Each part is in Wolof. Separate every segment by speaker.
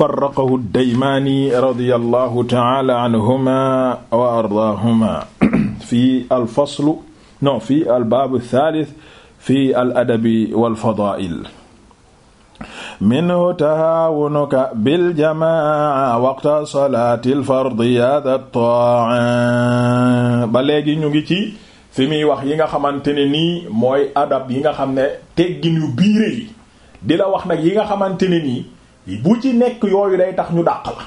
Speaker 1: farraqahu daymaani radiyallahu ta'ala anhuma wa ardaahuma fi alfaslu non fi albaabu thaalith fi aladabi walfadaa'il minhu tahaawunuka biljamaca waqta salaati alfardi hada taa ba léegi ñu ngi ci fi muy wax yi nga xamante ne nii mooy adab yi nga xam ne teggin yu biire yi di la wax nag yi nga xamante ne nii bu ci nekk yooyu day tax ñu dàq la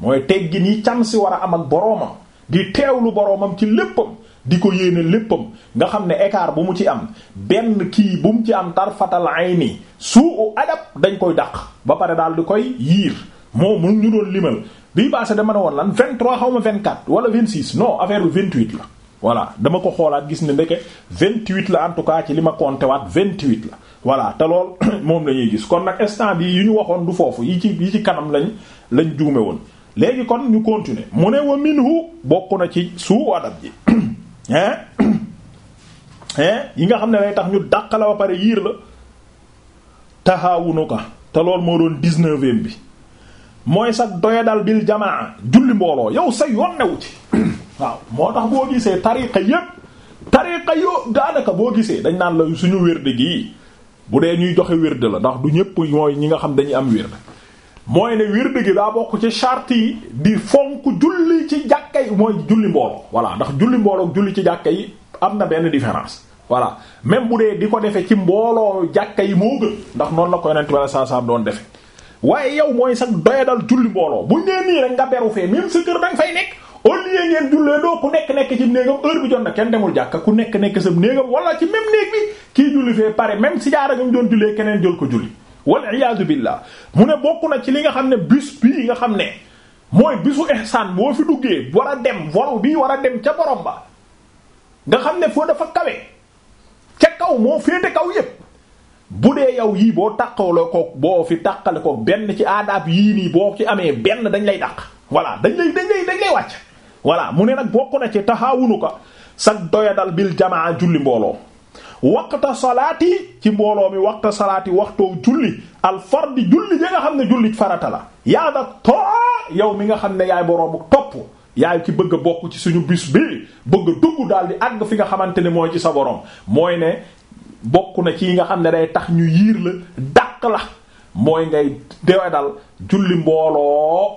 Speaker 1: mooy teggin yi cam si war a am ak boroomam di teewlu boroomam ci léppam di ko yéene léppam nga xam ne écart bu mu ci am benn kii bu mu ci am tarfatal ayni suu adab dañ koy dàq ba pare daal di koy yiir moo mu ñu doon limal bii baase dama ne woon lan 23 vint ma 24 wala 26 non affaire bi 28 la voilà dama ko xoolaat gis ne ndeke 28 la en tout cas ci li ma compté waat 28 la voilà te lool moom la gis kon nag instant bi yu ñu waxoon du foofu yi ci yi ci kanam lañ lañ juume woon léegi kon ñu continuer mu ne wa minhu bokk na ci suu adab ji hein yi nga xam ne lay tax ñu dàq la ba pare yiir la taxaawunu ka te lool moo doon 19e bi mooy sax doyadal bil jamaa julli mbooloo yow sa yoon newu ci waaw moo tax boo gisee tariqa yépp tariqa yo daanaka boo gisee dañ naan la suñu wérde gii bu dee ñuy joxe wérde la ndax du ñépp mooy ñi nga xam dañuy am wérde mooy ne wérde gi daa bokk ci chart yi di fonk julli ci jàkka yi mooy julli mbooloo voilà ndax julli mbooloo julli ci jàkka yi am na benn différence voilà même bu dee di ko defee ci mbooloo jàkka yi moo gën ndax noonu la ko yonent bi saa saa doon defe waaye yow mooy sax doyadal julli mbooloo buñ nee nii rek nga beru fee même sa kër danga fay nekk au lieu ngeen jullee doo ku nekk nekk ci néegam heure bi jot na kenn demul jàkka ku nekk nekk sa néegam wala ci même néeg bi kii julli fee pare même si jaara gam doon jullee keneen jël ko julli wal iyaadu billah mu ne bokk na ci li nga xam ne bis bii nga xam ne mooy bisu ihsaan boo fi duggee war dem vol bii war a dem ca borom ba nga xam ne foo dafa kawe ca kaw moo féete kaw yépp bu dee yow yii boo tàqaloo ko boo fi tàqale ko benn ci aadaab yii nii boo ci amee benn dañ lay dàq voilà dañ lay dañ lay dañ wàcc voilà mu ne nag bokk na ci taxaawunuka sag doyadal bil jamaa julli mbooloo waqta salaati ci mbooloo mi waxta salaati waxtoo julli al fardi julli ya nga xam ne julli farata la yaa da too yow mi nga xam ne yaay boroomu topp yaay ci bëgg a bokk ci suñu bis bi bëgg dugg daal di àgg fi nga xamante ne mooy ci sa boroom mooy ne bokk na ci yi nga xam ne day tax ñu yiir la dàq la mooy ngay dewe dal julli mbooloo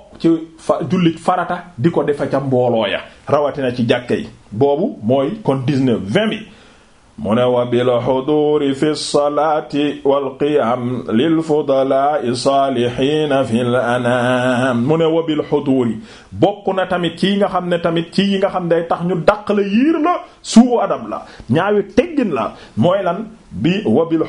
Speaker 1: julli farata di ko defe ca mbooloo rawatina ci jàkke yi boobu mooy kon 19 20 bi mu ne wa bil xuduuri fi lsalaati walqiyam lilfudalaai saalihiina fi l anam mu ne wa bil xuduuri bokk na tamit ci nga xam ne tamit ci yi nga xam ne day tax ñu dàq la yiir la suu adab la ñaawi teggin la mooy lan bi wa bil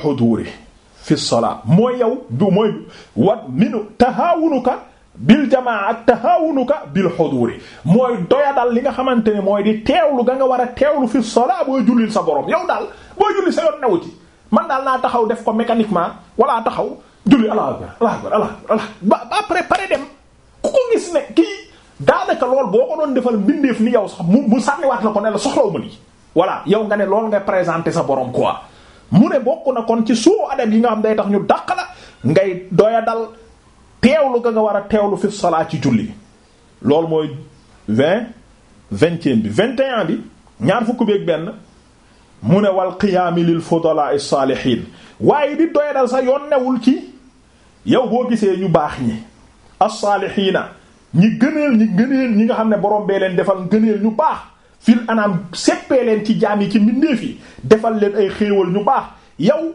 Speaker 1: fi salaa mooy yow du mooy wa minu tahaawunuka bil jamaa ak tahaawunuka bil xuduuri mooy doyadal li nga xamante ne mooy di teewlu ga nga war a teewlu fi salaa boo jullil sa borom yow daal boo julli sa yoon newu ci man daal naa taxaw def ko mécaniquement wala taxaw julli allah akbar allah akbar allah allah ba après pare dem ku ko gis ne kii daanaka lool boo ko doon defal mbindeef ni yow sax mu mu sànniwaat la ko ne la soxlawu ma lii voilà yow nga ne lool nga présenter sa borom quoi mu ne bokk na kon ci suu adab yi nga xam ne day tax ñu dàq la ngay doya dal teewlu ga nga war a teewlu fi salaa ci julli loolu mooy vingt vingtième bi vingt et bi ñaar fukk beeg benn mu ne wal qiyaami lil fudalaa saalihiin waaye di doya sa yoon newul ci yow boo gisee ñu baax ñi as-saalihiina ñi gëneel ñi gëneel ñi nga xam ne borom bee leen defal gëneel ñu baax fil anam seppee leen ci jaam yi ci mbindeef fii defal leen ay xéewal ñu baax yow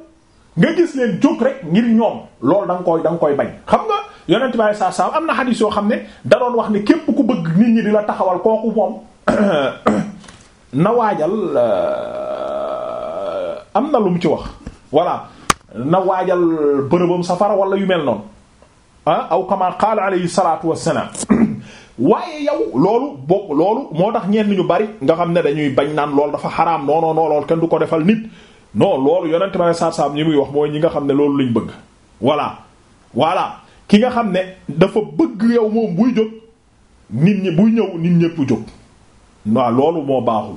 Speaker 1: nga gis leen jóg rek ngir ñoom lool da nga koy da koy bañ xam nga yonent bi saa saa am na xadis yoo xam ne da wax ne képp ku bëgg nit ñi di la taxawal kooku moom euh, am na lu mu ci wax voilà na waajal bërëbam safara wala yu mel noon ah aw kama qaala alayhi salaatu wassalaam waaye yow loolu bokk loolu moo tax ñenn ñu bari nga xam ne dañuy bañ naan loolu dafa xaraam non non kenn du ko defal nit non loolu yonent ma ne saab-saab ñi muy wax mooy ñi nga xam ne loolu lañ bëgg voilà voilà ki nga xam ne dafa bëgg yow moom buy jóg nit ñi buy ñëw nit ñëpp jóg waaw loolu moo baaxul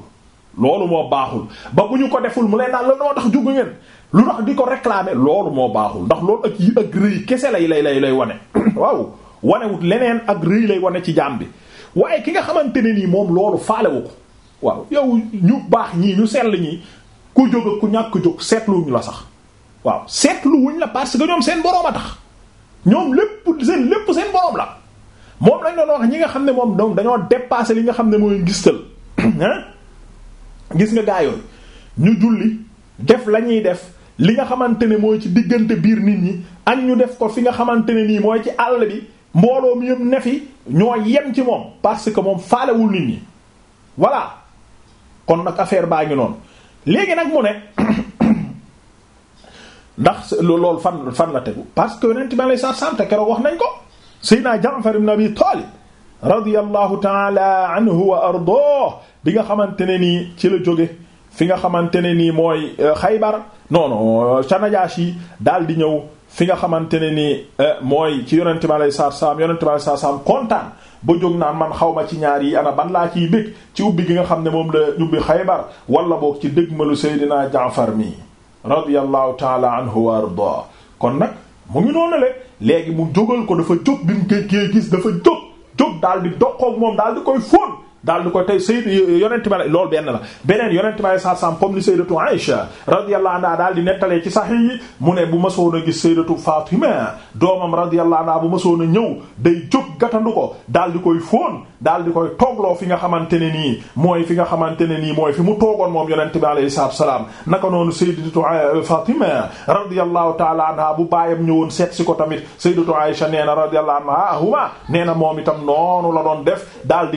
Speaker 1: loolu moo baaxul ba bu ñu ko deful mu leen naan la noo tax jógu ngeen lu tax di ko réclamer loolu moo baaxul ndax loolu ak rëy kese lay lay lay lay wane waaw wanewut leneen ak rëy lay wane ci jaam bi waaye ki nga xamante ne nii moom loolu faalewu ko waaw yow ñu baax ñii ñu sell ñii ku jóg ku ñàkk jóg seetluwuñu la sax waaw seetluwuñ la parce que ñoom seen boroom a tax ñoom lépp seen lépp seen boroom la moom lañ doon wax ñi nga xam ne moom donc dañoo dépassé li nga xam ne mooy ngistal gis nga gaa yooyu ñu julli def la ñuy def li nga xamante ne mooy ci diggante biir nit ñi ak ñu def ko fi nga xamante ne nii mooy ci àll bi mbooloo mi yëpp ne yem ci moom parce que moom faalewul nit ñi voilà kon nag affaire baa ngi noonu léegi nag mu ne ndax lool fan fan la tegu parce que yonent bi alayhi salaam te keroog wax nañ ko Seydina Jaafar ibn Abi Talib radiyallahu taala anhu wa ardaah bi nga xamante ne nii ci la jóge fi nga xamante ne nii mooy euh, Xaybar noonu non euh, ca Najaashi daal di ñëw fi nga xamante ne ni eh, mooy ci yonente bi alayhi salaatu salaam yonente bi alayhi salaatu salaam kontaan ba jóg naa man xaw ma ci ñaar yi ana ban laa ciy bég ci ubbi gi nga xam ne moom la ubbi Xaybar wala boog ci dégmalu Seydina Jaafar mi radiyallahu taala anhu wa ardaa kon nag mu ngi noonu le léegi mu jógal ko dafa jóg bi mu koy gis dafa jóg jóg daal di doqoog moom daal di koy fóon daal di ko tey sayyid yonent bi loolu benn la beneen yonent bi la saam comme li sayyidatu Aïsha radiyallahu anha daal di nettalee ci sax yi mu ne bu ma soon a gis sayyidatu Fatima doomam radiyallahu anha bu ma soon a ñëw day jóg gatandu ko daal di koy fóon daal di koy toogloo fi nga xamante ne nii mooy fi nga xamante ne nii mooy fi mu toogoon moom yonent bi alayhi salaam naka noonu sayyidatu euh, Fatima radiyallahu ta'ala anha bu baayam ñëwoon seet si ko tamit sayyidatu Aïsha nee na radiyallahu anha ah, nee na moom itam noonu la doon def daal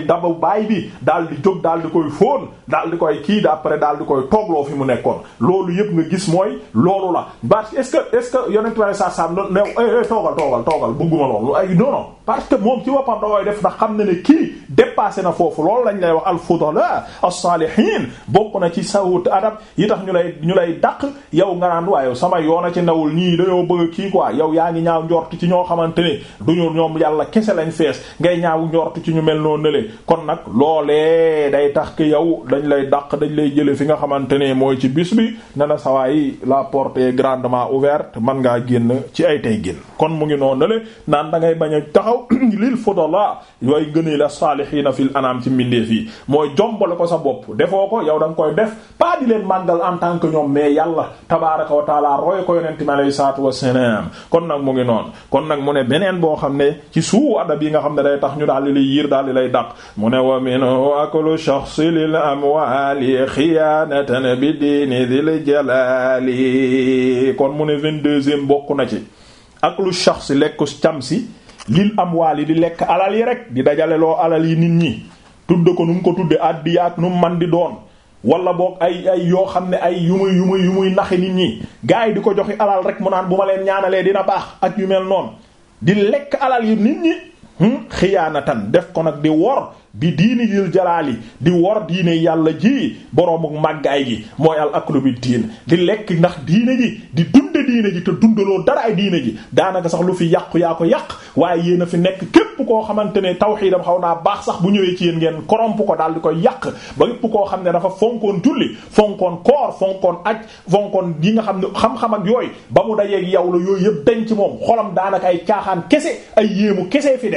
Speaker 1: kii daal di jóg daal di koy fóon daal di koy kii d'après daal di koy toogloo fi mu nekkoon loolu yëpp nga gis mooy loolu la ba est-ce que est-ce que yonent bi saa saa doon ne eh, eh, toogal toogal toogal bëgguma loolu ay non non parce que moom ci woppam da koy def ndax xam na ne kii dépassé na foofu loolu lañ lay wax al-fudala as-salihin bokk na ci sa sawut adab yi tax ñu lay ñu lay dàq yow nga naan waaye sama yoon a ci newul ñii dañoo bëgg kii quoi yow yaa ngi ñaaw njort ci ñoo xamante ne du ñu ñoom yàlla kese lañ fees ngay ñaaw njort loolee day tax ki yow dañ lay dàq dañ lay jële fi nga xamante ne mooy ci bis bi ne na sawaay la porte est grandement ouverte man ngaa génn ci ay tey génn kon mu ngi noonu le naan da ngay bañ a taxaw lil fudala yooyu gënee la saalihiina fil anam ci mbindeef yi mooy jombale ko sa bopp defoo ko yow da koy def pas di leen màggal en tant que ñoom mais yàlla tabaraka wa taala roy ko yonente mi alayhi salaatu wassalaam kon nag mu ngi noonu kon nag mu ne beneen boo xam ne ci suu adab yi nga xam ne day tax ñu daal di daal di lay dàq minhu aklu shaxsi lil amwaali xiyaanatan bi diini dil jalaali kon mu ne vingt-deuxième bokk na ci ak aklu shaxsi lekk cam si lil amwaali di lekk alal yi rek di dajaleloo alal yi nit ñi tudde ko nu mu ko tudde àddiya ak nu mu man di doon wala boog ay ay yoo xam ne ay yu muy yu muy yu muy naxi nit ñi gars yi di ko joxi alal rek mu naan bu ma leen ñaanalee dina baax ak yu mel noonu di lekk alal yi nit ñi xiyaanatan hmm? def ko nag di wor bi diini yil jalaali di wor diine yàlla ji boroomu màggaay gi mooy al aklu bi diin di lekk ndax diine ji di dunde diine ji te dundaloo dara ay diine ji daanaka sax lu fi yàqu yaa ko yàq waaye yéen a fi nekk képp koo xamante ne tawxiidam xaw naa baax sax bu ñëwee ci yéen ngeen koromp ko daal di koy yàq ba képp koo xam ne dafa fonkoon julli fonkoon koor fonkoon aj fonkoon gi nga xam ne xam-xam ak yooyu ba mu dajee yow la yooyu yëpp dañ ci moom xolam daanaka ay caaxaan kese ay yéemu kese fi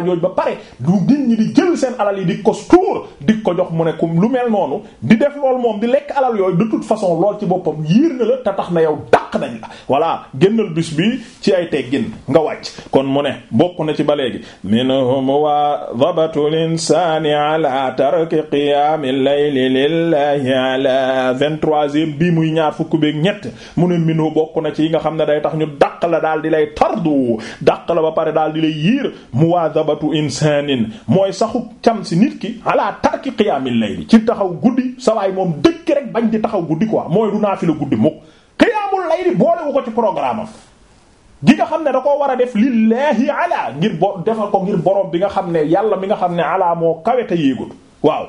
Speaker 1: waajooj ba pare du nit ni di jël seen alal yi di ko tuur di ko jox mu ne ku lu mel noonu di def lool moom di lekk alal yooyu de toute façon lool ci boppam yiir na la te tax na yow dàq voilà génnal bis bi ci ay teggin nga wàcc kon mu ne bokk na ci ba léegi minhum waadabatu linsani ala tarki qiyaami layli lillahi ala vingt-troisième bii muy ñaar fukk beek ñett mu ne minhu bokk na ci yi nga xam ne day tax ñu dàq la daal di lay tardu dàq la ba pare daal di lay yiir muwaadabatu insanin mooy saxu cam si nit ki ala tarki qiyaamil layli ci taxaw guddi sawaay moom dëkk rek bañ di taxaw guddi quoi mooy du naa fi guddi mukk xayri boolewu ko ci programme am gi nga xam ne da koo war a def lillaahi ala ngir bo defal ko ngir boroom bi nga xam ne yàlla mi nga xam ne ala moo kaweta yéegut waaw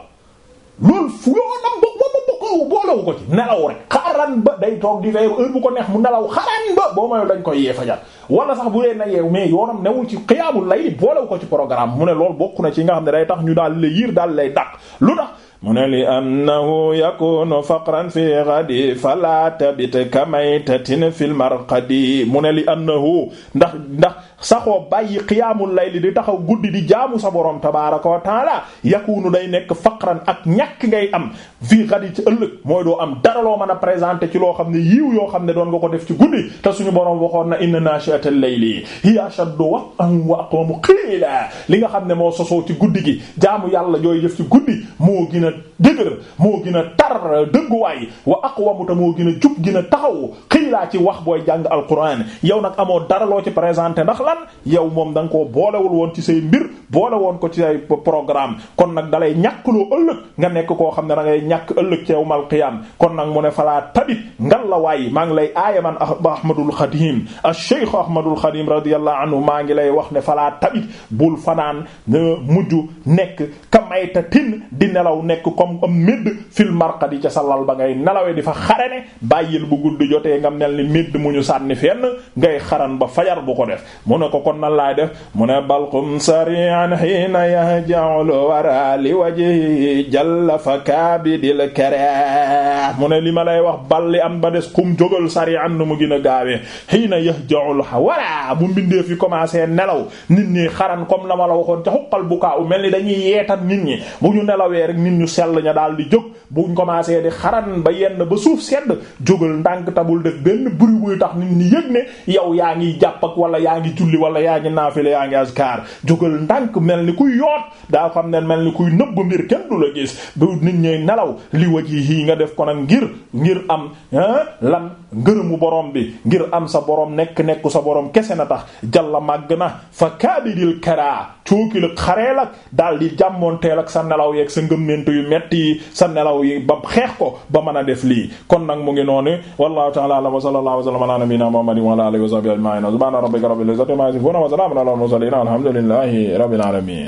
Speaker 1: loolu fu yoonam bo ba ba ko boolewu ko ci nelaw rek xaran day toog di fay heure bu ko neex mu nelaw xaran ba boo mayo dañ koy yee fajar wala sax bu dee na yeew mais yoonam newu ci xiyaamul layli boolewu ko ci programme mu ne loolu bokk na ci nga xam ne day tax ñu daal la yiir daal lay dàq lu tax mu ne li annahu yakunu faqran fi ghadi fala tabit kamaytatin fil marqadi mu ne li annahu ndax ndax saxoo bàyyi qiyaamul layli di taxaw guddi di jaamu sa borom tabaaraka wa taala yakunu day nekk faqran ak ñàkk ngay am fii xadi ci ëllëg mooy doo am dara loo mën a présenter ci loo xam ne yiw yoo xam ne doon nga ko def ci guddi te suñu borom waxoon na inna naashi'atal layli hiya ashaddu wat'an wa aqwamu qiila li nga xam ne moo sosoo ci guddi gi jaamu yàlla jooy jëf ci guddi moo gina dëgëral moo gën a tar dëgguwaay wa ak wamuta moo gën a jub gën a taxaw xëy laa ci wax booy jàng alquran yow nag amoo dara loo ci présenté ndax lan yow moom da nga koo boolewul woon ci say mbir boole woon ko ci say programme kon nag dalay ñàkkloo ëllëg nga nekk koo xam ne da ngay ñàkk ëllëg ci yawmal qiyaam kon nag mu ne falaa tabit ngan la waay maa ngi lay aaya man ahmadul xadim ash-shaykh ahmadul xadim radiyallahu anhu maa ngi lay wax ne falaa tabit bul fanaan mujj nekk ka mayta di nelaw nekk am am médd fil marqadi ca sa lal ba ngay nelawe di fa xarane bàyyil bu gudd jotee nga mel ni médd mu ñu sànni fenn ngay xaran ba fajar bu ko def mu ne ko kon nan laay def mu ne balqum sari'an hina yahja'ul wara li wajhi jalla fa kabidil kara mu ne li ma lay wax balli am ba des xum jógal sari'an nu mu gën a gaawee hina yahja'ul wara bu mbindee fi commencé nelaw nit ñi xaran comme la ma la waxoon ca xuqal bukaa u mel ni dañuy yeetat nit ñi bu ñu nelawee rek nit ñu sell ña daal di jóg bu commencé di xaran ba yenn ba suuf sedd jógal ndànk tabul def benn bruit buy tax nit ñi yëg ne yow yaa ngi jàpp ak wala yaa ngi julli wala yaa ngi naafile yaa ngi askar jógal ndànk mel ni kuy yoot daa xam ne mel ni kuy nëbb mbir kenn du la gis bu nit ñooy nelaw li waj yi nga def ko nag ngir ngir am lan ngërëmu borom bi ngir am sa borom nekk nekku sa borom kese na tax jalla màgg na fa kaabidil karaa cooki la xareel ak daal ñett yi sa nelaw yi ba xeex ko ba mën a def lii kon nag mu ngi noonu wallahu ta'ala wa sallallahu wa sallama ala nabiyyina muhammadin wa ala alihi wa sahbihi ajma'in subhana rabbika rabbil izzati amma yasifun wa salamun ala al mursalin alhamdulillahi rabbil alamin